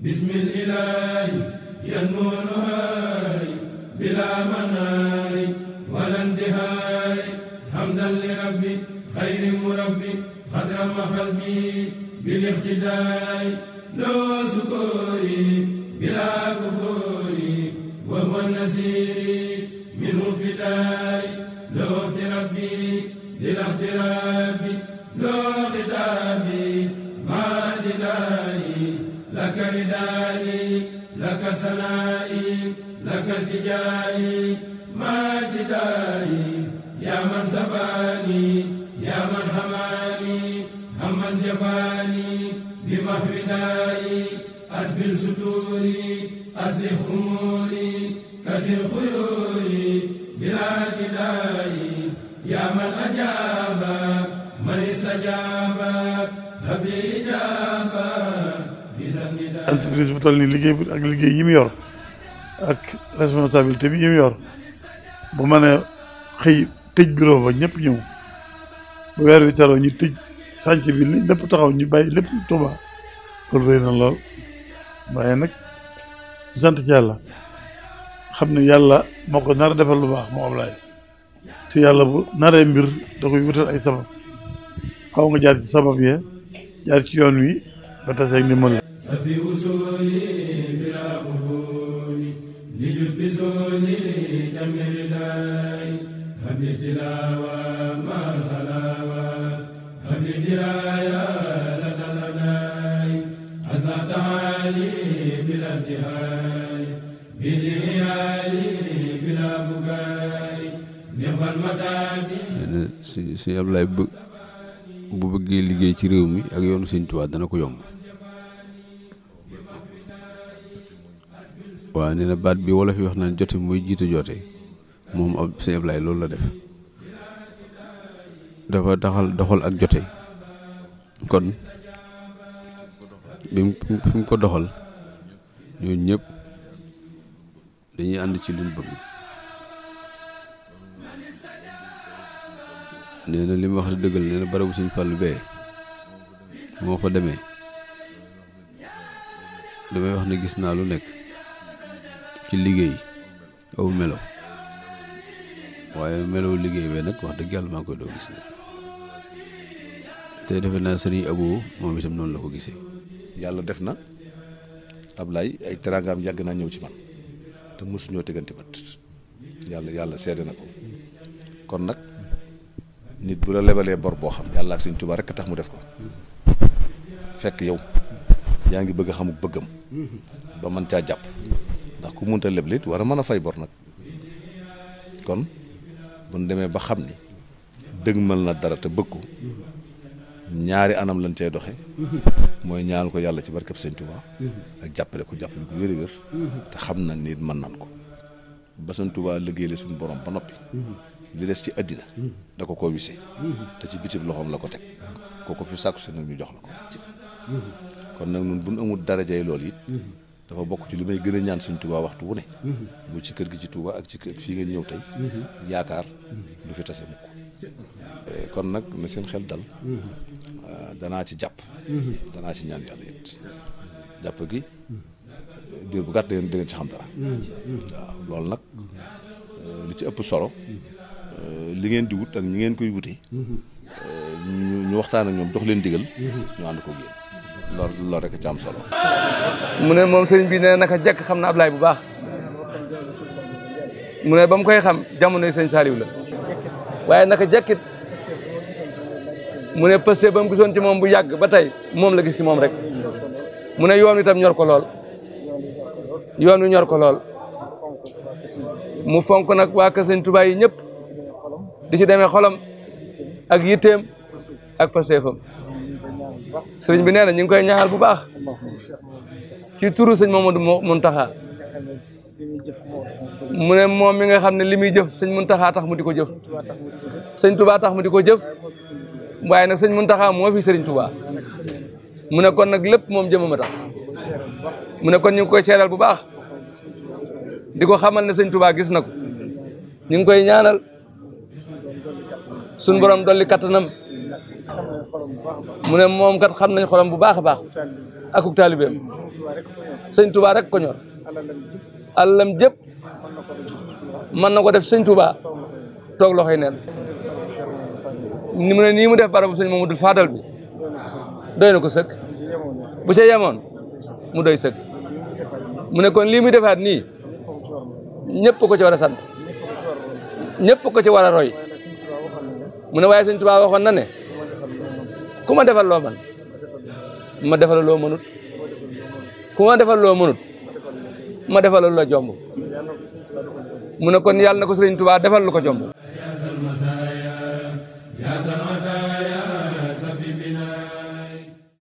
bismillahi ya nuunu hay bilaa manaay walantihaay hamdan li rabbi xayri murabbi xadra maxalbi bil ixtidaay loo sukoori bilaa kufoori wa huwa nasiiri minhu fidaay ثنائي لك التجائي ما جدائي يا من سباني يا من هماني هما جفاني بمحو دائي أسبل ستوري أصلح أموري كسر خيوري بلا جدائي يا من أجاب من استجاب هب لي إجابة entreprise bu toll nii liggéey bu ak liggéey yi mu yor ak responsabilité bi yi yor bu mën a xëy tëj bureau ba ñëpp ñëw ba weer wi teroo ñu tëj sànc bi lépp taxaw ñu bàyyi lépp Tuuba loolu rëy na lool waaye nag sant ci yàlla xam ne yàlla moo ko nar a defal lu baax moo am laay te yàlla bu naree mbir da koy wutal ay sabab xaw nga jaar ci sabab yee jaar ci yoon wi ba taseeg ni mën safi usuli bila qufuli li jubbi suni damir daari habli tilawa mal halawa habli diraya la talanai azna taali bila dihai bidihiyali bila bugai nirban matani si si Ablaye bu bëggee liggéey ci réew mi ak yoonu Sëñ Tuubaa dana ko yomb waaw nee na baat bi wolof yi wax naan jote mooy jiitu joote moom ab sëñ Ablaay loolu la def dafa taxal doxal ak jote kon bi mu ko doxal ñoo ñépp dañuy ànd ci luñ bëgg nee na li mu wax dëggal nee na barabu suñ fàll bee moo fa demee damay wax ne gis naa lu nekk ci liggéey aw melo waaye melo liggéey bee nag wax dëgg yàlla maa ngi koy doo gis nag te defe naa sëriñ Abo moom itam noonu la ko gisee. yàlla def na lay ay teraangaam yàgg naa ñëw ci man te mosuñoo tegante bët yàlla yàlla seede na ko kon nag nit bu la lebalee bor boo xam yàlla ak Sëriñ Tuubaa rekk tax mu def ko fekk yow yaa ngi bëgg a xamuk bëggam ba mën caa jàpp. ku munta leble it war a mën a fay bor nag kon bu ñu demee ba xam ni dëgmal na dara te bëgg ko ñaari anam lañ cay doxe mooy ñaan ko yàlla ci barkeb Sëñ Tuubaa ak jàppale ko jàppale ko wér te xam na nit mën nan ko ba Sëñ Tuubaa liggéeyale suñu borom ba noppi li des ci àddina da ko ko wise te ci bitib loxoom la ko teg kooku fi sàkku si nag ñu jox la ko kon nag ñun bu ñu amul darajay loolu it dafa bokk ci li may gën a ñaan suñ Touba waxtu wu ne. Mhm. mu ci kër gi ci Touba ak ci kër fii ngeen ñëw tey. Mhm. yaakaar mhm. du fi tase mukk eh, kon nag na seen xel dal. Ah, danaa ci jàpp. danaa ci ñaan yàlla it jàpp gi. diir bu gàtt da ngeen ci xam dara. loolu nag eh, li ci ëpp solo. Eh, li ngeen di wut ak ñu ngeen koy wute. ñu waxtaan ak ñoom jox leen digal. ñu ànd ko yéen. loolu loolu rek ci am mu ne moom sëriñ bi nee naka jekk xam na Ablaye bu baax mu ne ba mu koy xam jamono sëñ Saliou la waaye naka jekkit mu ne pëste ba mu gisoon ci moom bu yàgg ba tey moom la gis ci moom rek mu ne yoon wi ñor ko lool yoon wi ñor ko lool mu fonk nag waa Kër Sëñ Tuubaa yi ñëpp di ci demee xolam ak yitteem ak pësteefam. sëriñ bi nee na ñu ngi koy ñaanal bu baax ci turu sëñ Mamadou mun mu ne moom mi nga xam ne li muy jëf sëñ Muntaxa tax mu di ko jëf sëñ Touba tax mu di ko jëf waaye nag sëñ mun Muntaxa moo fi sëriñ Touba mu ne kon nag lépp moom jëmam a tax mu kon ñu ngi koy seeral bu baax di ko xamal ne sëñ Touba gis na ko ñu ngi koy ñaanal suñ borom dolli kattanam mu ne moom kat xam nañ xolam bu baax a baax akuk taalibeem sëñ Touba rek ko ñor alalam jëpp mën na ko def sëñ Touba toog loxoy neen mu ne nii mu def barabu sëñ Mamadou Fadal bi doy na ko sëkk bu ca mu doy sëkk mu ne kon lii muy defaat nii ñëpp ko ci war a sant ñëpp ko ci war a roy mu ne waaye sëñ Touba waxoon na ne ku ma defal loo man ma defal loo mënut ku ma defal loo mënut ma defal la jomb mu ne kon yàlla na ko Sëriñ Tuubaa defal lu ko jomb